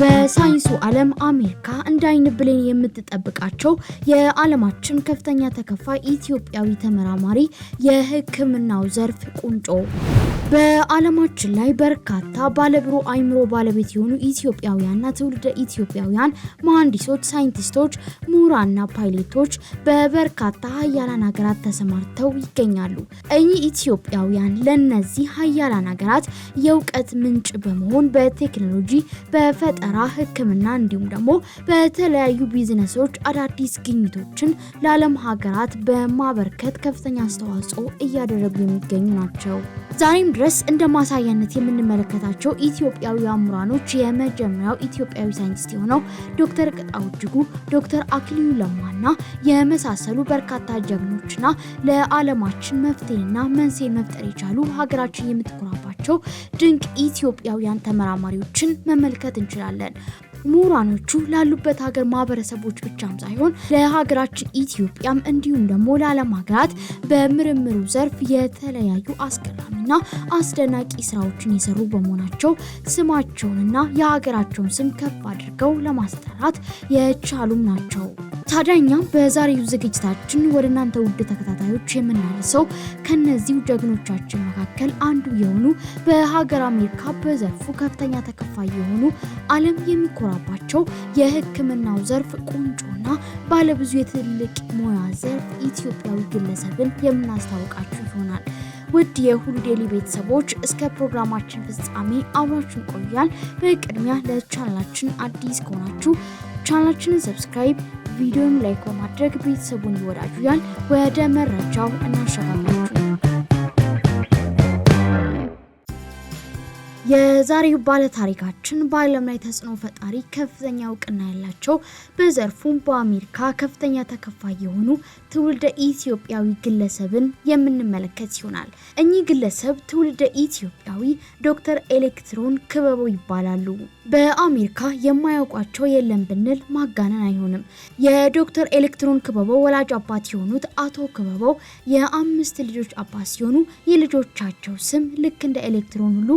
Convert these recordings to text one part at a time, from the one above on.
በሳይንሱ ዓለም አሜሪካ እንደ አይን ብሌን የምትጠብቃቸው የዓለማችን ከፍተኛ ተከፋይ ኢትዮጵያዊ ተመራማሪ የሕክምናው ዘርፍ ቁንጮ። በዓለማችን ላይ በርካታ ባለብሩ አይምሮ ባለቤት የሆኑ ኢትዮጵያውያንና ትውልደ ኢትዮጵያውያን መሐንዲሶች፣ ሳይንቲስቶች፣ ምሁራንና ፓይሌቶች በበርካታ ሀያላን ሀገራት ተሰማርተው ይገኛሉ። እኚህ ኢትዮጵያውያን ለነዚህ ሀያላን ሀገራት የእውቀት ምንጭ በመሆን በቴክኖሎጂ በፈጠ ፈጠራ፣ ሕክምና እንዲሁም ደግሞ በተለያዩ ቢዝነሶች አዳዲስ ግኝቶችን ለዓለም ሀገራት በማበርከት ከፍተኛ አስተዋጽኦ እያደረጉ የሚገኙ ናቸው። ዛሬም ድረስ እንደ ማሳያነት የምንመለከታቸው ኢትዮጵያዊ አምራኖች የመጀመሪያው ኢትዮጵያዊ ሳይንቲስት የሆነው ዶክተር ቅጣው እጅጉ፣ ዶክተር አክሊሉ ለማና የመሳሰሉ በርካታ ጀግኖችና ለዓለማችን መፍትሄና መንስኤ መፍጠር የቻሉ ሀገራችን የምትኮራባ ያላቸው ድንቅ ኢትዮጵያውያን ተመራማሪዎችን መመልከት እንችላለን። ምሁራኖቹ ላሉበት ሀገር ማህበረሰቦች ብቻም ሳይሆን ለሀገራችን ኢትዮጵያም እንዲሁም ደግሞ ለዓለም ሀገራት በምርምሩ ዘርፍ የተለያዩ አስገራሚና አስደናቂ ስራዎችን የሰሩ በመሆናቸው ስማቸውንና የሀገራቸውን ስም ከፍ አድርገው ለማስጠራት የቻሉም ናቸው። ታዲያ እኛም በዛሬው ዝግጅታችን ወደ እናንተ ውድ ተከታታዮች የምናነሰው ከነዚሁ ጀግኖቻችን መካከል አንዱ የሆኑ በሀገር አሜሪካ በዘርፉ ከፍተኛ ተከፋይ የሆኑ ዓለም የሚኮራባቸው የሕክምናው ዘርፍ ቁንጮና ባለብዙ የትልቅ ሙያ ዘርፍ ኢትዮጵያዊ ግለሰብን የምናስታውቃችሁ ይሆናል። ውድ የሁሉ ዴይሊ ቤተሰቦች እስከ ፕሮግራማችን ፍጻሜ አብራችን ቆያል። በቅድሚያ ለቻናላችን አዲስ ከሆናችሁ ቻናላችንን ሰብስክራይብ፣ ቪዲዮም ላይክ በማድረግ ቤተሰቡን ይወዳጁ። ያን ወደ መረጃው እናሸጋግራችሁ። የዛሬው ባለ ታሪካችን ላይ ተጽዕኖ ፈጣሪ ከፍተኛ እውቅና ያላቸው በዘርፉም በአሜሪካ ከፍተኛ ተከፋይ የሆኑ ትውልደ ኢትዮጵያዊ ግለሰብን የምንመለከት ይሆናል። እኚህ ግለሰብ ትውልደ ኢትዮጵያዊ ዶክተር ኤሌክትሮን ክበበው ይባላሉ። በአሜሪካ የማያውቋቸው የለም ብንል ማጋነን አይሆንም። የዶክተር ኤሌክትሮን ክበበው ወላጅ አባት የሆኑት አቶ ክበበው የአምስት ልጆች አባት ሲሆኑ የልጆቻቸው ስም ልክ እንደ ኤሌክትሮን ሁሉ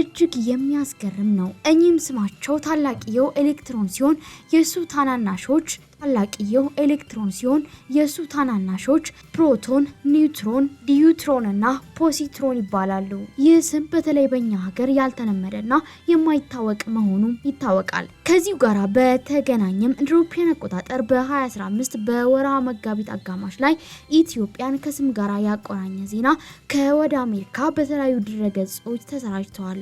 እጅግ የሚያስገርም ነው። እኚህም ስማቸው ታላቅየው ኤሌክትሮን ሲሆን የእሱ ታናናሾች ታላቅየው ኤሌክትሮን ሲሆን የእሱ ታናናሾች ፕሮቶን፣ ኒውትሮን፣ ዲዩትሮን እና ፖሲትሮን ይባላሉ። ይህ ስም በተለይ በእኛ ሀገር ያልተለመደና የማይታወቅ መሆኑ ይታወቃል። ከዚሁ ጋር በተገናኘም እንደ አውሮፓውያን አቆጣጠር በ2015 በወርሃ መጋቢት አጋማሽ ላይ ኢትዮጵያን ከስም ጋር ያቆራኘ ዜና ከወደ አሜሪካ በተለያዩ ድረገጾች ተሰራጅተዋል።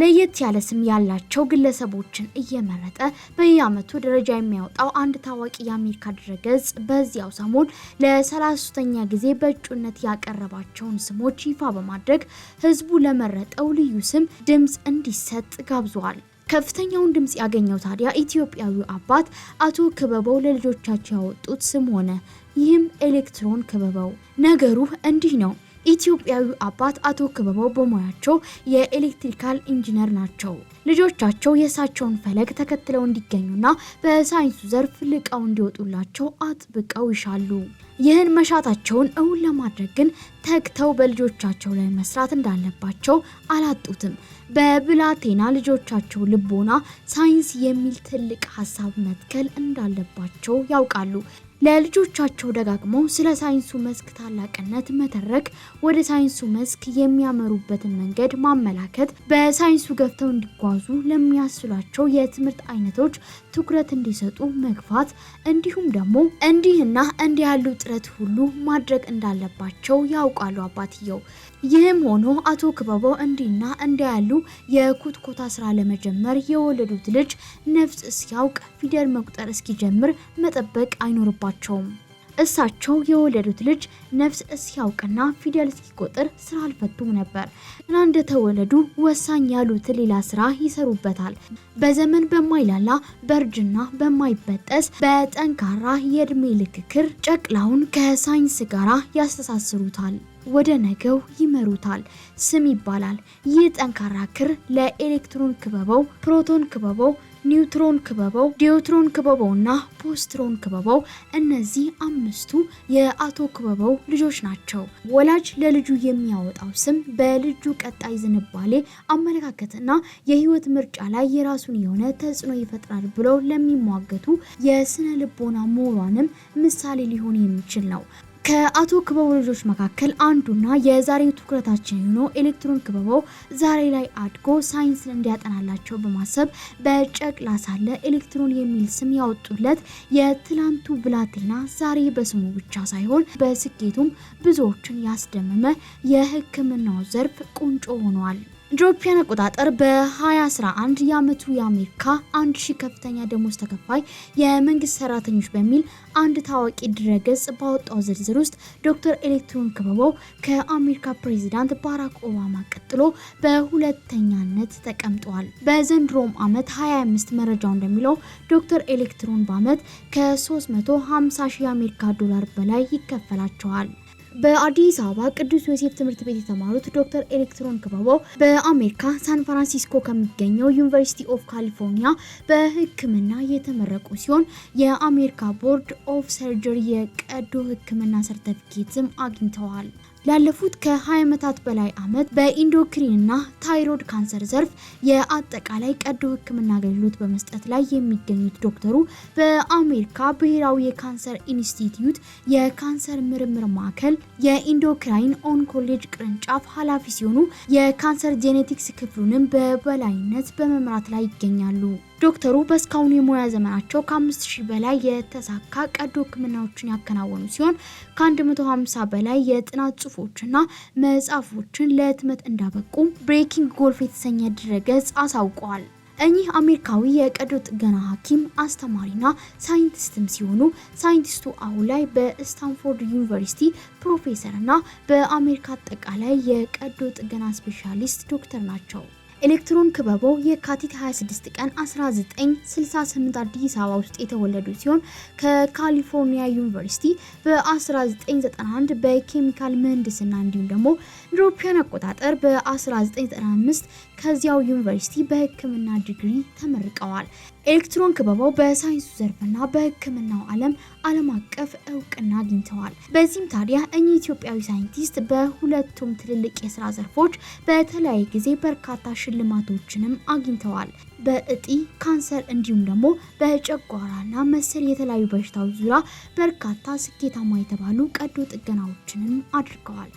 ለየት ያለ ስም ያላቸው ግለሰቦችን እየመረጠ በየዓመቱ ደረጃ የሚያወጣው አንድ ታዋቂ የአሜሪካ ድረገጽ በዚያው ሰሞን ለ33ኛ ጊዜ በእጩነት ያቀረባቸውን ስሞች ይፋ በማድረግ ህዝቡ ለመረጠው ልዩ ስም ድምፅ እንዲሰጥ ጋብዟል። ከፍተኛውን ድምፅ ያገኘው ታዲያ ኢትዮጵያዊ አባት አቶ ክበበው ለልጆቻቸው ያወጡት ስም ሆነ። ይህም ኤሌክትሮን ክበበው። ነገሩ እንዲህ ነው። ኢትዮጵያዊ አባት አቶ ክበበው በሙያቸው የኤሌክትሪካል ኢንጂነር ናቸው። ልጆቻቸው የእሳቸውን ፈለግ ተከትለው እንዲገኙና በሳይንሱ ዘርፍ ልቀው እንዲወጡላቸው አጥብቀው ይሻሉ። ይህን መሻታቸውን እውን ለማድረግ ግን ተግተው በልጆቻቸው ላይ መስራት እንዳለባቸው አላጡትም። በብላቴና ልጆቻቸው ልቦና ሳይንስ የሚል ትልቅ ሀሳብ መትከል እንዳለባቸው ያውቃሉ። ለልጆቻቸው ደጋግመው ስለ ሳይንሱ መስክ ታላቅነት መተረክ፣ ወደ ሳይንሱ መስክ የሚያመሩበትን መንገድ ማመላከት፣ በሳይንሱ ገፍተው እንዲጓዙ ለሚያስችሏቸው የትምህርት አይነቶች ትኩረት እንዲሰጡ መግፋት፣ እንዲሁም ደግሞ እንዲህና እንዲህ ያሉ ጥረት ሁሉ ማድረግ እንዳለባቸው ያውቃሉ አባትየው። ይህም ሆኖ አቶ ክበቦ እንዲህና እንዲህ ያሉ የኩትኮታ ስራ ለመጀመር የወለዱት ልጅ ነፍስ እስኪያውቅ ፊደል መቁጠር እስኪጀምር መጠበቅ አይኖርባቸው አልገባቸውም። እሳቸው የወለዱት ልጅ ነፍስ እስኪያውቅና ፊደል እስኪቆጥር ስራ አልፈቱም ነበር እና እንደተወለዱ ወሳኝ ያሉት ሌላ ስራ ይሰሩበታል። በዘመን በማይላላ በእርጅና በማይበጠስ በጠንካራ የእድሜ ልክ ክር ጨቅላውን ከሳይንስ ጋር ያስተሳስሩታል። ወደ ነገው ይመሩታል። ስም ይባላል። ይህ ጠንካራ ክር ለኤሌክትሮን ክበበው፣ ፕሮቶን ክበበው ኒውትሮን ክበበው፣ ዲዮትሮን ክበበው እና ፖስትሮን ክበበው እነዚህ አምስቱ የአቶ ክበበው ልጆች ናቸው። ወላጅ ለልጁ የሚያወጣው ስም በልጁ ቀጣይ ዝንባሌ፣ አመለካከትና የህይወት ምርጫ ላይ የራሱን የሆነ ተጽዕኖ ይፈጥራል ብለው ለሚሟገቱ የስነ ልቦና ምሁራንም ምሳሌ ሊሆን የሚችል ነው። ከአቶ ክበቦ ልጆች መካከል አንዱና የዛሬው ትኩረታችን የሆነው ኤሌክትሮን ክበቦ ዛሬ ላይ አድጎ ሳይንስን እንዲያጠናላቸው በማሰብ በጨቅላ ሳለ ኤሌክትሮን የሚል ስም ያወጡለት የትላንቱ ብላቴና ዛሬ በስሙ ብቻ ሳይሆን በስኬቱም ብዙዎችን ያስደመመ የሕክምናው ዘርፍ ቁንጮ ሆኗል። እንደ አቆጣጠር በ2011 የአመቱ የአሜሪካ አንድ ሺህ ከፍተኛ ደሞዝ ተከፋይ የመንግስት ሰራተኞች በሚል አንድ ታዋቂ ድረገጽ ባወጣው ዝርዝር ውስጥ ዶክተር ኤሌክትሮን ክበበው ከአሜሪካ ፕሬዚዳንት ባራክ ኦባማ ቀጥሎ በሁለተኛነት ተቀምጠዋል። በዘንድሮም አመት 25 መረጃው እንደሚለው ዶክተር ኤሌክትሮን በአመት ከ350 ሺህ የአሜሪካ ዶላር በላይ ይከፈላቸዋል። በአዲስ አበባ ቅዱስ ዮሴፍ ትምህርት ቤት የተማሩት ዶክተር ኤሌክትሮን ክበቦ በአሜሪካ ሳን ፍራንሲስኮ ከሚገኘው ዩኒቨርሲቲ ኦፍ ካሊፎርኒያ በሕክምና የተመረቁ ሲሆን የአሜሪካ ቦርድ ኦፍ ሰርጀሪ የቀዶ ሕክምና ሰርተፊኬትም አግኝተዋል። ላለፉት ከ20 ዓመታት በላይ አመት በኢንዶክሪንና ታይሮድ ካንሰር ዘርፍ የአጠቃላይ ቀዶ ሕክምና አገልግሎት በመስጠት ላይ የሚገኙት ዶክተሩ በአሜሪካ ብሔራዊ የካንሰር ኢንስቲትዩት የካንሰር ምርምር ማዕከል የኢንዶክራይን ኦንኮሌጅ ቅርንጫፍ ኃላፊ ሲሆኑ የካንሰር ጄኔቲክስ ክፍሉንም በበላይነት በመምራት ላይ ይገኛሉ። ዶክተሩ በእስካሁኑ የሙያ ዘመናቸው ከ5000 በላይ የተሳካ ቀዶ ሕክምናዎችን ያከናወኑ ሲሆን ከ150 በላይ የጥናት ጽሁፎችና መጽሐፎችን ለህትመት እንዳበቁ ብሬኪንግ ጎልፍ የተሰኘ ድረገጽ አሳውቀዋል። እኚህ አሜሪካዊ የቀዶ ጥገና ሐኪም አስተማሪና ሳይንቲስትም ሲሆኑ ሳይንቲስቱ አሁን ላይ በስታንፎርድ ዩኒቨርሲቲ ፕሮፌሰርና በአሜሪካ አጠቃላይ የቀዶ ጥገና ስፔሻሊስት ዶክተር ናቸው። ኤሌክትሮን ክበቦ የካቲት 26 ቀን 1968 አዲስ አበባ ውስጥ የተወለዱ ሲሆን ከካሊፎርኒያ ዩኒቨርሲቲ በ1991 በኬሚካል ምህንድስና እንዲሁም ደግሞ ኢሮፒያን አቆጣጠር በ1995 ከዚያው ዩኒቨርሲቲ በሕክምና ዲግሪ ተመርቀዋል። ኤሌክትሮን ክበባው በሳይንሱ ዘርፍና በሕክምናው ዓለም ዓለም አቀፍ እውቅና አግኝተዋል። በዚህም ታዲያ እኚህ ኢትዮጵያዊ ሳይንቲስት በሁለቱም ትልልቅ የስራ ዘርፎች በተለያየ ጊዜ በርካታ ሽልማቶችንም አግኝተዋል። በእጢ ካንሰር እንዲሁም ደግሞ በጨጓራና መሰል የተለያዩ በሽታዎች ዙሪያ በርካታ ስኬታማ የተባሉ ቀዶ ጥገናዎችንም አድርገዋል።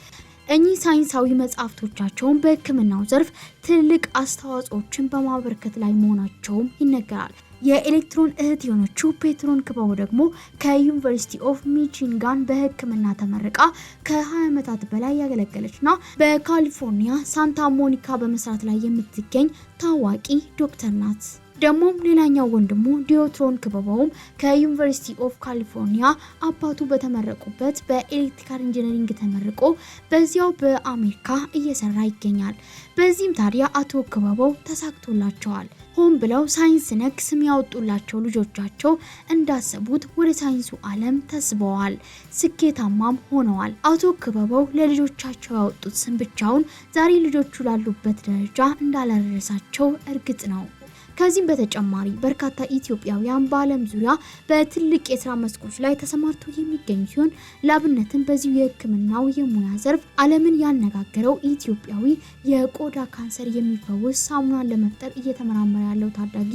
እኚህ ሳይንሳዊ መጽሐፍቶቻቸውን በሕክምናው ዘርፍ ትልቅ አስተዋጽኦችን በማበርከት ላይ መሆናቸውም ይነገራል። የኤሌክትሮን እህት የሆነችው ፔትሮን ክበቡ ደግሞ ከዩኒቨርሲቲ ኦፍ ሚቺንጋን በሕክምና ተመርቃ ከ20 ዓመታት በላይ ያገለገለች ና በካሊፎርኒያ ሳንታ ሞኒካ በመስራት ላይ የምትገኝ ታዋቂ ዶክተር ናት። ደግሞም ሌላኛው ወንድሙ ዲዮትሮን ክበበውም ከዩኒቨርሲቲ ኦፍ ካሊፎርኒያ አባቱ በተመረቁበት በኤሌክትሪካል ኢንጂነሪንግ ተመርቆ በዚያው በአሜሪካ እየሰራ ይገኛል። በዚህም ታዲያ አቶ ክበበው ተሳክቶላቸዋል። ሆን ብለው ሳይንስ ነክ ስም ያወጡላቸው ልጆቻቸው እንዳሰቡት ወደ ሳይንሱ ዓለም ተስበዋል፣ ስኬታማም ሆነዋል። አቶ ክበበው ለልጆቻቸው ያወጡት ስም ብቻውን ዛሬ ልጆቹ ላሉበት ደረጃ እንዳላደረሳቸው እርግጥ ነው። ከዚህም በተጨማሪ በርካታ ኢትዮጵያውያን በዓለም ዙሪያ በትልቅ የስራ መስኮች ላይ ተሰማርተው የሚገኙ ሲሆን ለአብነትም በዚሁ የሕክምናው የሙያ ዘርፍ ዓለምን ያነጋገረው ኢትዮጵያዊ የቆዳ ካንሰር የሚፈውስ ሳሙናን ለመፍጠር እየተመራመረ ያለው ታዳጊ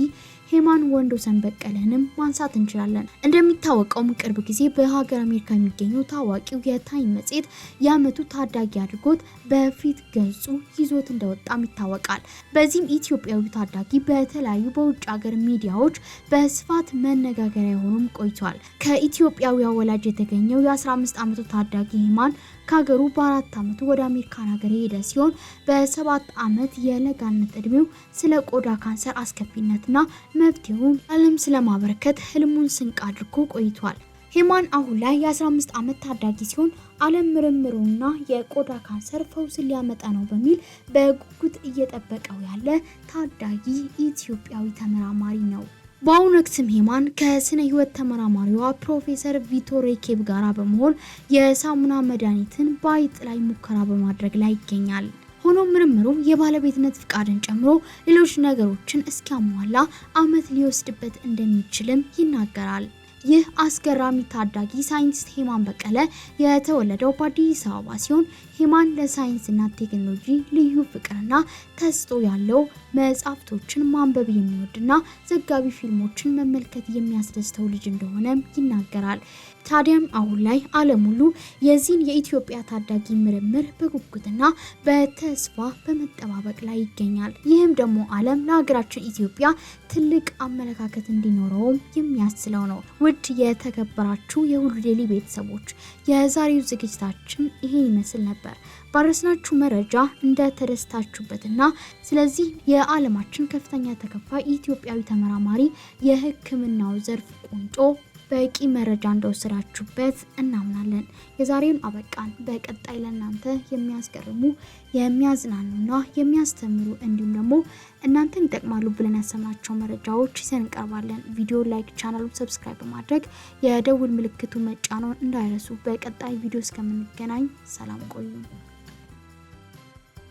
ሄማን ወንዶ ሰንበቀለንም ማንሳት እንችላለን። እንደሚታወቀውም ቅርብ ጊዜ በሀገር አሜሪካ የሚገኘው ታዋቂው የታይም መጽሔት የአመቱ ታዳጊ አድርጎት በፊት ገጹ ይዞት እንደወጣም ይታወቃል። በዚህም ኢትዮጵያዊ ታዳጊ በተለያዩ በውጭ ሀገር ሚዲያዎች በስፋት መነጋገሪያ የሆኑም ቆይቷል። ከኢትዮጵያዊ ወላጅ የተገኘው የ15 ዓመቱ ታዳጊ ሄማን ከሀገሩ በአራት ዓመቱ ወደ አሜሪካን ሀገር የሄደ ሲሆን በሰባት ዓመት የለጋነት እድሜው ስለ ቆዳ ካንሰር አስከፊነትና መፍትሄውን ዓለም ስለማበረከት ህልሙን ስንቅ አድርጎ ቆይቷል። ሄማን አሁን ላይ የ15 ዓመት ታዳጊ ሲሆን ዓለም ምርምሩና የቆዳ ካንሰር ፈውስን ሊያመጣ ነው በሚል በጉጉት እየጠበቀው ያለ ታዳጊ ኢትዮጵያዊ ተመራማሪ ነው። በአሁኑ በአውነክስ ሄማን ከስነ ህይወት ተመራማሪዋ ፕሮፌሰር ቪቶር ኬብ ጋር በመሆን የሳሙና መድኃኒትን በአይጥ ላይ ሙከራ በማድረግ ላይ ይገኛል። ሆኖም ምርምሩ የባለቤትነት ፍቃድን ጨምሮ ሌሎች ነገሮችን እስኪያሟላ ዓመት ሊወስድበት እንደሚችልም ይናገራል። ይህ አስገራሚ ታዳጊ ሳይንቲስት ሄማን በቀለ የተወለደው በአዲስ አበባ ሲሆን ሂማን ለሳይንስና ቴክኖሎጂ ልዩ ፍቅርና ተስጦ ያለው መጽሐፍቶችን ማንበብ የሚወድና ዘጋቢ ፊልሞችን መመልከት የሚያስደስተው ልጅ እንደሆነም ይናገራል። ታዲያም አሁን ላይ ዓለም ሁሉ የዚህን የኢትዮጵያ ታዳጊ ምርምር በጉጉትና በተስፋ በመጠባበቅ ላይ ይገኛል። ይህም ደግሞ ዓለም ለሀገራችን ኢትዮጵያ ትልቅ አመለካከት እንዲኖረውም የሚያስችለው ነው። ውድ የተከበራችሁ የሁሉ ዴይሊ ቤተሰቦች የዛሬው ዝግጅታችን ይሄን ይመስል ነበር። ነበር። ባረስናችሁ መረጃ እንደተደስታችሁበትና ስለዚህ የዓለማችን ከፍተኛ ተከፋይ ኢትዮጵያዊ ተመራማሪ የሕክምናው ዘርፍ ቁንጮ በቂ መረጃ እንደወሰዳችሁበት እናምናለን። የዛሬውን አበቃን። በቀጣይ ለእናንተ የሚያስገርሙ የሚያዝናኑና የሚያስተምሩ እንዲሁም ደግሞ እናንተን ይጠቅማሉ ብለን ያሰምናቸው መረጃዎች ይዘን እንቀርባለን። ቪዲዮ ላይክ፣ ቻናሉን ሰብስክራይብ በማድረግ የደውል ምልክቱ መጫኖን እንዳይረሱ። በቀጣይ ቪዲዮ እስከምንገናኝ ሰላም ቆዩ።